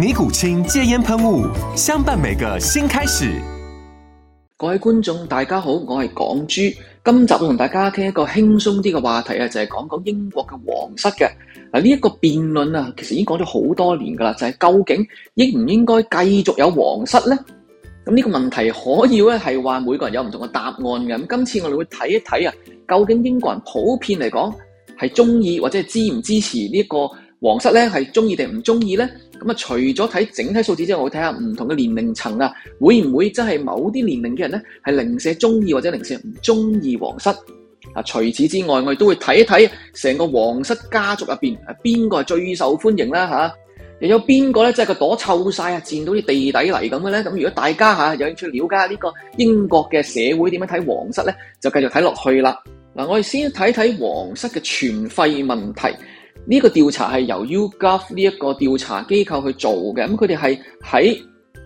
尼古清戒煙噴霧，相伴每個新開始。各位觀眾，大家好，我係港豬。今集我同大家傾一個輕鬆啲嘅話題啊，就係、是、講講英國嘅皇室嘅。嗱，呢一個辯論啊，其實已經講咗好多年噶啦，就係、是、究竟應唔應該繼續有皇室呢？咁呢個問題可以咧係話每個人有唔同嘅答案嘅。咁今次我哋會睇一睇啊，究竟英國人普遍嚟講係中意或者係支唔支持呢、這、一個？皇室咧係中意定唔中意呢？咁啊，除咗睇整體數字之外，我睇下唔同嘅年齡層啊，會唔會真係某啲年齡嘅人呢？係零舍中意或者零舍唔中意皇室啊？除此之外，我亦都會睇一睇成個皇室家族入邊，邊個係最受歡迎啦？吓，啊，又有邊個呢？即係個朵臭晒啊，賤到啲地底泥咁嘅呢？咁如果大家吓，啊，有興趣了解下呢個英國嘅社會點樣睇皇室呢，就繼續睇落去啦。嗱，我哋先睇睇皇室嘅存廢問題。呢個調查係由 YouGov 呢一個調查機構去做嘅，咁佢哋係喺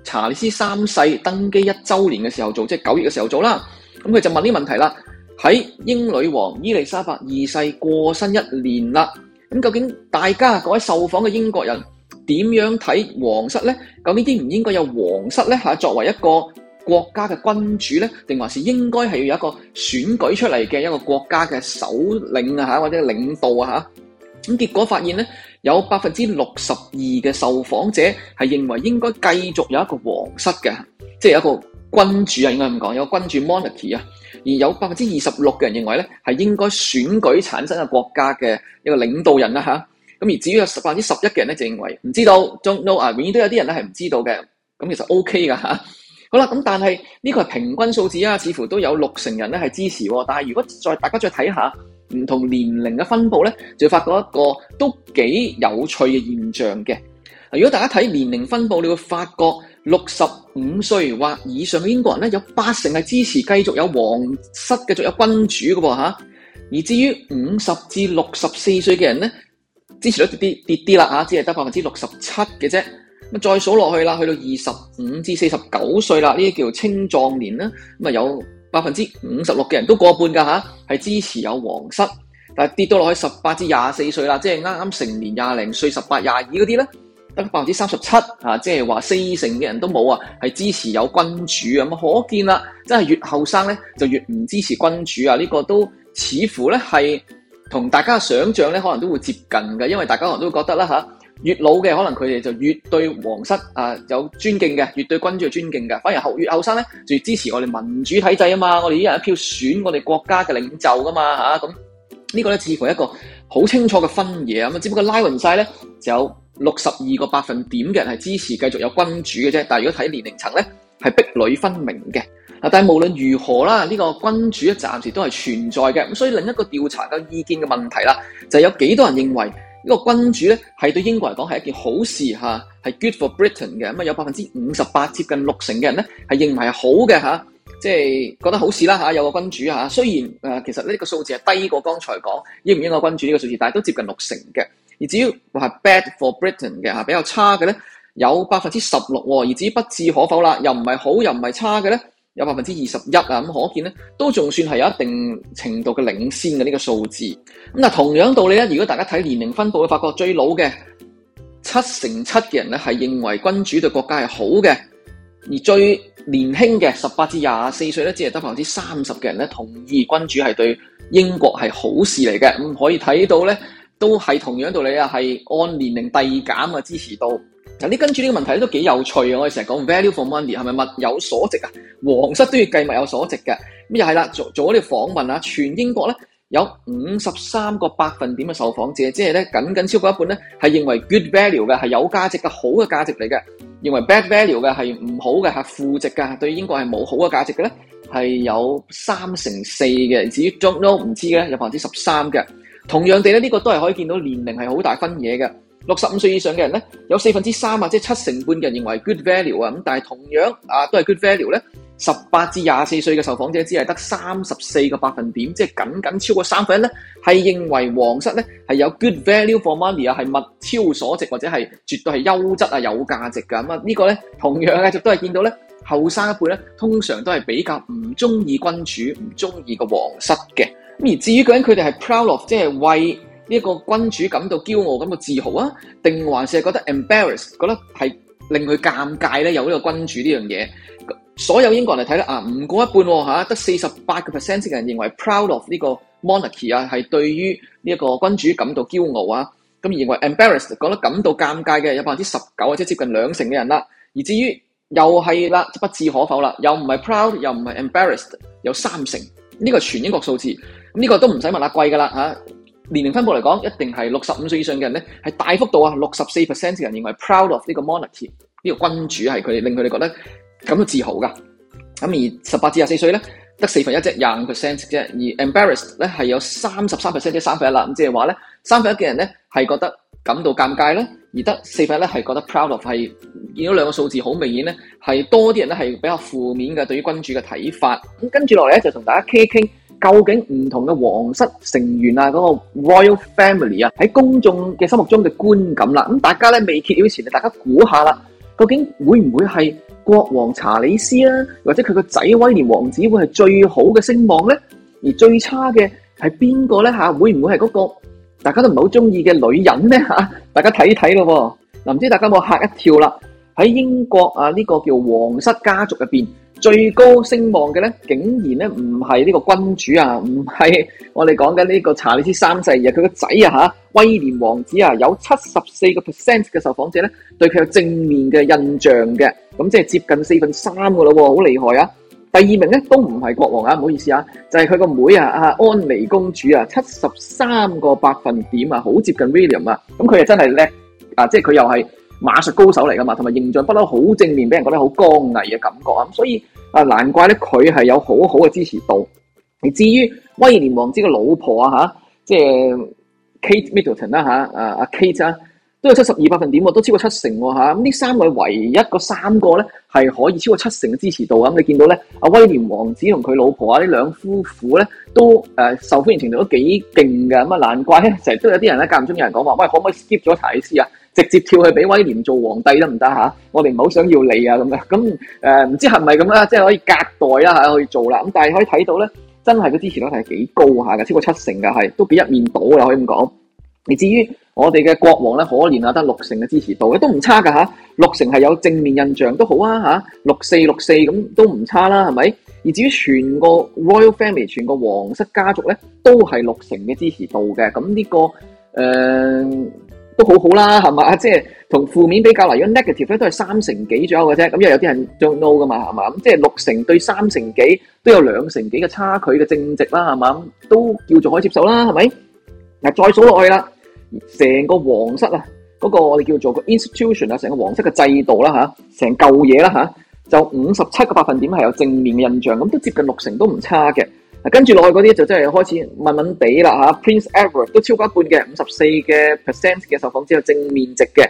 查理斯三世登基一周年嘅時候做，即係九月嘅時候做啦。咁佢就問呢問題啦，喺英女王伊麗莎白二世過身一年啦，咁究竟大家各位受訪嘅英國人點樣睇皇室呢？咁呢啲唔應該有皇室呢？嚇，作為一個國家嘅君主呢？定還是應該係要有一個選舉出嚟嘅一個國家嘅首領啊嚇，或者領導啊嚇？咁結果發現咧，有百分之六十二嘅受訪者係認為應該繼續有一個王室嘅，即係有一個君主啊，應該咁講，有個君主 monarchy 啊。而有百分之二十六嘅人認為咧，係應該選舉產生嘅國家嘅一個領導人啦吓。咁而至於有百分之十一嘅人咧就認為唔知道，don't know 啊，永遠都有啲人咧係唔知道嘅。咁其實 OK 噶吓。好啦，咁但係呢個係平均數字啊，似乎都有六成人咧係支持。但係如果再大家再睇下。唔同年齡嘅分布咧，就會發覺一個都幾有趣嘅現象嘅。如果大家睇年齡分布，你會發覺六十五歲或以上嘅英國人咧，有八成係支持繼續有王室嘅，繼續有君主嘅喎。吓。而至於五十至六十四歲嘅人咧，支持率跌啲跌啲啦吓，只係得百分之六十七嘅啫。咁再數落去啦，去到二十五至四十九歲啦，呢啲叫青壯年啦，咁啊有。百分之五十六嘅人都過半㗎吓，係、啊、支持有皇室，但係跌到落去十八至廿四歲啦，即係啱啱成年廿零歲十八廿二嗰啲咧，得百分之三十七啊，即係話四成嘅人都冇啊，係支持有君主啊，咁啊，可見啦，真係越後生咧就越唔支持君主啊，呢、這個都似乎咧係同大家想象咧，可能都會接近嘅，因為大家可能都會覺得啦吓。啊越老嘅可能佢哋就越對皇室啊有尊敬嘅，越對君主有尊敬嘅。反而後越後生咧，就越支持我哋民主體制啊嘛！我哋依人一票選我哋國家嘅領袖噶嘛嚇咁。啊嗯這個、呢個咧似乎係一個好清楚嘅分野咁啊，只不過拉勻晒咧就有六十二個百分點嘅人係支持繼續有君主嘅啫。但係如果睇年齡層咧，係壁壘分明嘅。啊，但係無論如何啦，呢、呢個君主暫時都係存在嘅。咁所以另一個調查嘅意見嘅問題啦，就係有幾多人認為，呢、這個君主咧，係對英國嚟講係一件好事嚇，係 good for Britain 嘅。咁啊，有百分之五十八，接近六成嘅人咧，係認為係好嘅嚇，即係覺得好事啦嚇。有個君主嚇，雖然誒其實呢個數字係低過剛才講應唔應該君主呢個數字，但係都接近六成嘅。而至於話係 bad for Britain 嘅嚇比較差嘅咧，有百分之十六喎。而至於不置可否啦，又唔係好又唔係差嘅咧。有百分之二十一啊，咁可見呢都仲算係有一定程度嘅領先嘅呢個數字。咁啊，同樣道理呢，如果大家睇年齡分佈，會發覺最老嘅七成七嘅人呢，係認為君主對國家係好嘅，而最年輕嘅十八至廿四歲呢，只係得百分之三十嘅人呢，同意君主係對英國係好事嚟嘅。咁、嗯、可以睇到呢，都係同樣道理啊，係按年齡遞減嘅支持度。嗱，你跟住呢個問題都幾有趣啊。我哋成日講 value for money 係咪物有所值啊？皇室都要計物有所值嘅。咁又係啦，做做呢啲訪問啊。全英國咧有五十三個百分點嘅受訪者，即係咧僅僅超過一半咧係認為 good value 嘅係有價值嘅好嘅價值嚟嘅。認為 bad value 嘅係唔好嘅係負值嘅，對英國係冇好嘅價值嘅咧係有三成四嘅，至於 don't know 唔知嘅有百分之十三嘅。同樣地咧，呢個都係可以見到年齡係好大分野嘅。六十五歲以上嘅人呢，有四分之三啊，即係七成半嘅人認為 good value 啊，咁但係同樣啊，都係 good value 呢。十八至廿四歲嘅受訪者只係得三十四個百分點，即係僅僅超過三分一呢，係認為皇室呢係有 good value for money 啊，係物超所值或者係絕對係優質啊，有價值噶。咁啊呢個呢，同樣啊，就都係見到呢，後生一輩呢通常都係比較唔中意君主，唔中意個皇室嘅。咁而至於究竟佢哋係 proud of，即係為。呢、這個個君主感到驕傲咁嘅自豪啊，定還是覺得 embarrassed, 覺得 embarrassed 覺得係令佢尷尬咧？有呢個君主呢樣嘢，所有英國人嚟睇咧啊，唔過一半喎、啊。得四十八個 percent 嘅人認為 proud of 呢個 monarchy 啊，係對於呢個個君主感到驕傲啊，咁認為 embarrassed 覺得感到尷尬嘅有百分之十九或者接近兩成嘅人啦。而至於又係啦，不置可否啦，又唔係 proud，又唔係 embarrassed 有三成，呢、這個全英國數字，咁、這、呢個都唔使問貴啊，貴噶啦。年齡分佈嚟講，一定係六十五歲以上嘅人咧，係大幅度啊！六十四 percent 嘅人認為 proud of 呢個 monarchy 呢個君主，係佢哋令佢哋覺得咁自豪噶。咁而十八至廿四歲咧，得四分一啫，廿五 percent 啫。而 embarrassed 咧係有三十三 percent，即三分一啦。咁即係話咧，三分一嘅人咧係覺得感到尷尬啦，而得四分一咧係覺得 proud of 係見到兩個數字好明顯咧，係多啲人咧係比較負面嘅對於君主嘅睇法。咁跟住落嚟咧，就同大家傾一傾。究竟唔同嘅皇室成員啊，嗰個 Royal Family 啊，喺公眾嘅心目中嘅觀感啦，咁大家咧未揭曉之前，大家估下啦，究竟會唔會係國王查理斯啊，或者佢個仔威廉王子會係最好嘅聲望咧？而最差嘅係邊個咧？吓，會唔會係嗰個大家都唔好中意嘅女人咧？吓，大家睇睇咯，嗱，唔知大家有冇吓一跳啦？喺英國啊，呢個叫皇室家族入邊。最高聲望嘅咧，竟然咧唔係呢個君主啊，唔係我哋講緊呢個查理斯三世啊，佢個仔啊嚇威廉王子啊，有七十四個 percent 嘅受訪者咧對佢有正面嘅印象嘅，咁即係接近四分三噶啦、哦，好厲害啊！第二名咧都唔係國王啊，唔好意思啊，就係佢個妹啊，阿安妮公主啊，七十三個百分點啊，好接近 William 啊，咁佢又真係叻啊！即係佢又係馬術高手嚟噶嘛，同埋形象不嬲好正面，俾人覺得好剛毅嘅感覺啊，咁所以。啊，難怪咧，佢係有好好嘅支持度。至於威廉王子嘅老婆啊，即係 Kate Middleton 啦，吓，啊，Kate 啊，都有七十二百分點，都超過七成喎，咁呢三位唯一嗰三個咧，係可以超過七成嘅支持度。咁你見到咧，阿威廉王子同佢老婆啊，呢兩夫婦咧，都誒受歡迎程度都幾勁㗎。咁啊，難怪咧，成日都有啲人咧間唔中有人講話，喂，可唔可以 skip 咗查理斯啊？直接跳去俾威廉做皇帝得唔得吓？我哋唔好想要你啊咁嘅。咁誒，唔、呃、知係咪咁啦，即、就、係、是、可以隔代啦吓、啊、可以做啦。咁、啊、但係可以睇到咧，真係個支持率係幾高下嘅，超過七成㗎，係，都俾一面倒啊可以咁講。而至於我哋嘅國王咧，可憐啊，得六成嘅支持度，都唔差噶吓、啊。六成係有正面印象都好啊吓，六四六四咁都唔差啦，係咪？而至於全個 Royal Family，全個皇室家族咧，都係六成嘅支持度嘅。咁呢、這個誒。呃都好好啦，係嘛？即係同負面比較嚟，如果 negative 咧都係三成幾左右嘅啫。咁因為有啲人 don't know 噶嘛，係嘛？咁即係六成對三成幾都有兩成幾嘅差距嘅正值啦，係嘛？都叫做可以接受啦，係咪？嗱，再數落去啦，成個皇室啊，嗰、嗰個我哋叫做 institution，個 institution 啊，成個皇室嘅制度啦吓，成舊嘢啦吓，就五十七個百分點係有正面嘅印象，咁都接近六成都唔差嘅。跟住落去嗰啲就真係開始慢慢地啦吓 Prince Edward 都超過一半嘅，五十四嘅 percent 嘅受訪之後正面值嘅，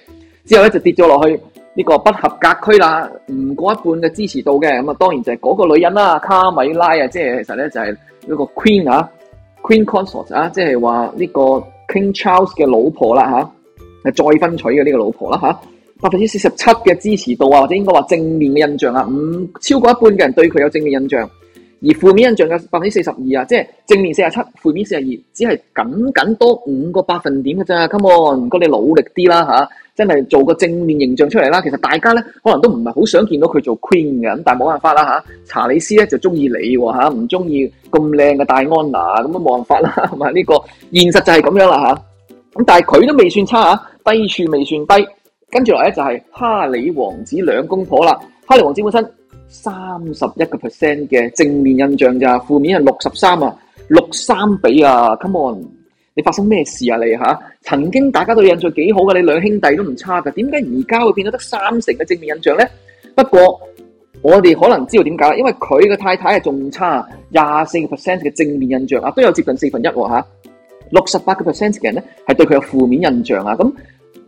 之後咧就跌咗落去呢個不合格區啦，唔過一半嘅支持度嘅，咁啊當然就係嗰個女人啦，卡米拉啊，即係其實咧就係嗰個 Queen 啊，Queen Consort 啊，即係話呢個 King Charles 嘅老婆啦吓，係再婚娶嘅呢個老婆啦吓，百分之四十七嘅支持度啊，或者應該話正面嘅印象啊，唔超過一半嘅人對佢有正面印象。而負面印象嘅百分之四十二啊，即係正面四十七，負面四十二，只係僅僅多五個百分點嘅咋，come on，唔該你努力啲啦嚇，真係做個正面形象出嚟啦。其實大家咧可能都唔係好想見到佢做 queen 嘅，咁但係冇辦法啦嚇、啊。查理斯咧就中意你喎唔中意咁靚嘅戴安娜咁都冇辦法啦，同埋呢個現實就係咁樣啦嚇。咁、啊、但係佢都未算差啊，低處未算低。跟住落嚟就係哈里王子兩公婆啦，哈里王子本身。三十一個 percent 嘅正面印象咋，負面係六十三啊，六三比啊，Come on！你發生咩事啊？你吓、啊、曾經大家對你印象幾好噶？你兩兄弟都唔差噶點解而家會變咗得三成嘅正面印象咧？不過我哋可能知道點解，因為佢嘅太太係仲差廿四個 percent 嘅正面印象啊，都有接近四分一吓、啊，六十八個 percent 嘅人咧係對佢有負面印象啊。咁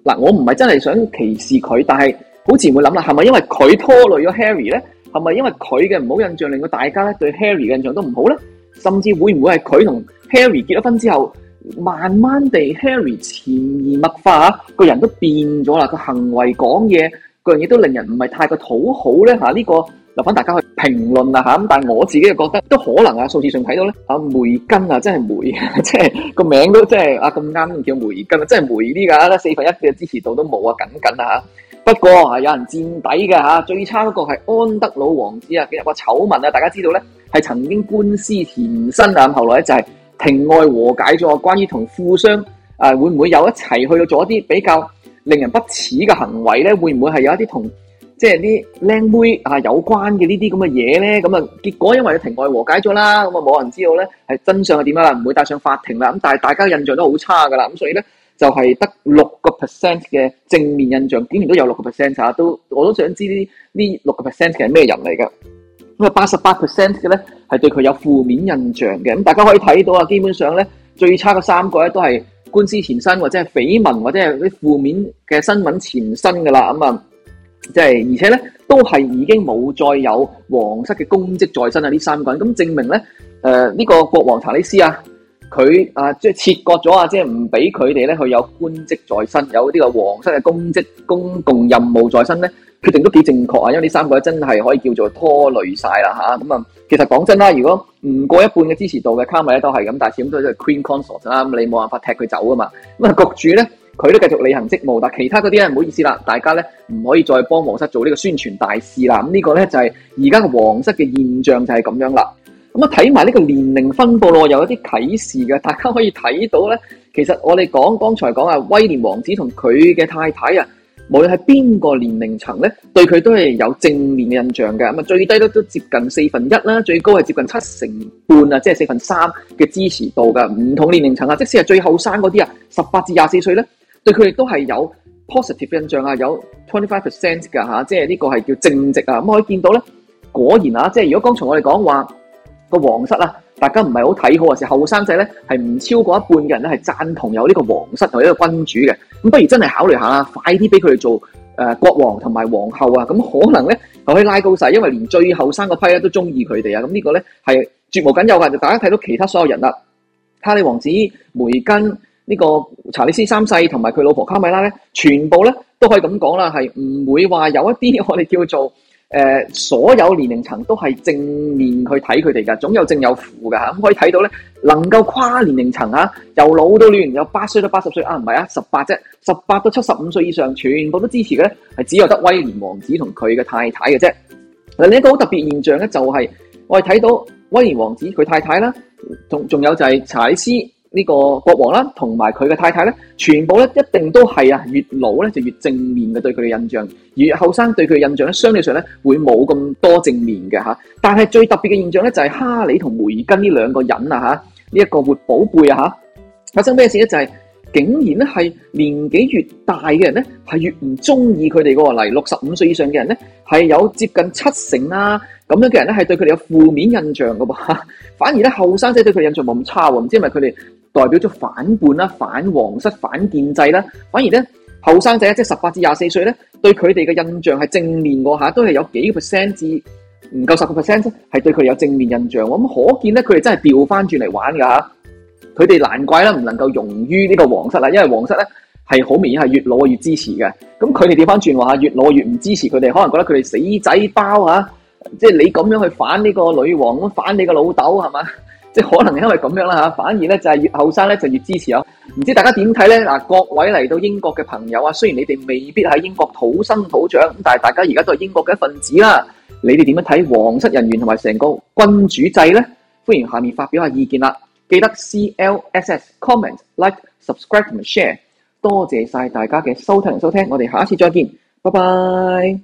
嗱，我唔係真係想歧視佢，但係好似會諗啦，係咪因為佢拖累咗 Harry 咧？係咪因為佢嘅唔好印象令到大家咧對 Harry 嘅印象都唔好咧？甚至會唔會係佢同 Harry 結咗婚之後，慢慢地 Harry 潛移默化個人都變咗啦，個行為講嘢，個人亦都令人唔係太過討好咧吓？呢個留翻大家去評論啊吓咁，但係我自己又覺得都可能啊。數字上睇到咧，啊梅根啊，真係梅，即係個名都即係啊咁啱叫梅根啊，真係梅呢。噶啦，四分一嘅支持度都冇啊，緊緊啊吓。不過啊，有人墊底嘅吓，最差嗰個係安德魯王子啊，其實個醜聞啊，大家知道咧，係曾經官司纏身啊，咁後來咧就係庭外和解咗，關於同富商誒會唔會有一齊去到做一啲比較令人不恥嘅行為咧，會唔會係有一啲同即係啲靚妹啊有關嘅呢啲咁嘅嘢咧？咁啊，結果因為庭外和解咗啦，咁啊冇人知道咧係真相係點樣啦，唔會帶上法庭啦，咁但係大家印象都好差噶啦，咁所以咧。就係得六個 percent 嘅正面印象，竟然都有六個 percent 啊！都我都想知呢呢六個 percent 嘅係咩人嚟㗎？咁啊，八十八 percent 嘅咧係對佢有負面印象嘅。咁大家可以睇到啊，基本上咧最差嘅三個咧都係官司纏身或者係緋聞或者係啲負面嘅新聞纏身㗎喇。咁啊，即係而且咧都係已經冇再有皇室嘅公職在身啊！呢三個人，咁證明咧，誒呢個國王查理斯啊。佢啊，即係切割咗啊，即係唔俾佢哋咧佢有官職在身，有呢個皇室嘅公職、公共任務在身咧，決定都幾正確啊！因為呢三個咧真係可以叫做拖累晒啦咁啊、嗯，其實講真啦，如果唔過一半嘅支持度嘅卡米咧都係咁，但係始終都係 Queen Consort 啦、啊，咁你冇辦法踢佢走噶嘛。咁、嗯、啊，國主咧佢都繼續履行職務，但其他嗰啲咧唔好意思啦，大家咧唔可以再幫皇室做呢個宣傳大使啦。咁、嗯這個、呢個咧就係而家嘅皇室嘅現象就係咁樣啦。咁啊，睇埋呢個年齡分佈咯，有一啲啟示嘅。大家可以睇到咧，其實我哋講剛才講啊，威廉王子同佢嘅太太啊，無論係邊個年齡層咧，對佢都係有正面嘅印象嘅。咁啊，最低都都接近四分一啦，最高係接近七成半啊，即係四分三嘅支持度噶。唔同年齡層啊，即使係最後生嗰啲啊，十八至廿四歲咧，對佢亦都係有 positive 印象啊，有 twenty five percent 噶嚇，即係呢個係叫正值啊。咁可以見到咧，果然啊，即係如果剛才我哋講話。那個皇室啦、啊，大家唔係好睇好啊，是後生仔咧係唔超過一半嘅人咧係贊同有呢個皇室同呢個君主嘅，咁不如真係考慮下啊，快啲俾佢哋做誒、呃、國王同埋皇后啊，咁可能咧就可以拉高晒，因為連最後生個批咧都中意佢哋啊，咁呢個咧係絕無僅有嘅，就大家睇到其他所有人啦，哈利王子、梅根呢、呢個查理斯三世同埋佢老婆卡米拉咧，全部咧都可以咁講啦，係唔會話有一啲我哋叫做。誒、呃，所有年齡層都係正面去睇佢哋噶，總有正有負噶，咁、啊、可以睇到咧，能夠跨年齡層啊，由老到嫩，由八歲到八十歲啊，唔係啊，十八啫，十八到七十五歲以上全部都支持嘅，係只有得威廉王子同佢嘅太太嘅啫。嗱，另一個好特別現象咧，就係、是、我哋睇到威廉王子佢太太啦，仲仲有就係查理斯。呢個國王啦，同埋佢嘅太太咧，全部咧一定都係啊，越老咧就越正面嘅對佢嘅印象；而後生對佢嘅印象咧，相對上咧會冇咁多正面嘅嚇。但係最特別嘅現象咧，就係哈利同梅根呢兩個人啊嚇，呢一個活寶貝啊嚇，發生咩事咧？就係竟然咧係年紀越大嘅人咧，係越唔中意佢哋個嚟。六十五歲以上嘅人咧，係有接近七成啦咁樣嘅人咧，係對佢哋有負面印象嘅噃。反而咧後生仔對佢印象冇咁差喎，唔知係咪佢哋？代表咗反叛啦、反皇室、反建制啦，反而咧後生仔即係十八至廿四歲咧，對佢哋嘅印象係正面過下，都係有幾個 percent 至唔夠十個 percent，係對佢有正面印象。咁可見咧，佢哋真係調翻轉嚟玩噶。佢哋難怪啦，唔能夠容於呢個皇室啦，因為皇室咧係好明顯係越老越支持嘅。咁佢哋調翻轉話，越老越唔支持他們，佢哋可能覺得佢哋死仔包吓，即係你咁樣去反呢個女王，咁反你個老豆係嘛？是吧即可能因為咁樣啦吓，反而咧就係越後生咧就越支持啊！唔知大家點睇咧？嗱，各位嚟到英國嘅朋友啊，雖然你哋未必喺英國土生土長，但係大家而家都係英國嘅一份子啦。你哋點樣睇皇室人員同埋成個君主制咧？歡迎下面發表下意見啦！記得 C L S S comment like subscribe and share。多謝晒大家嘅收聽同收聽，我哋下一次再見，拜拜。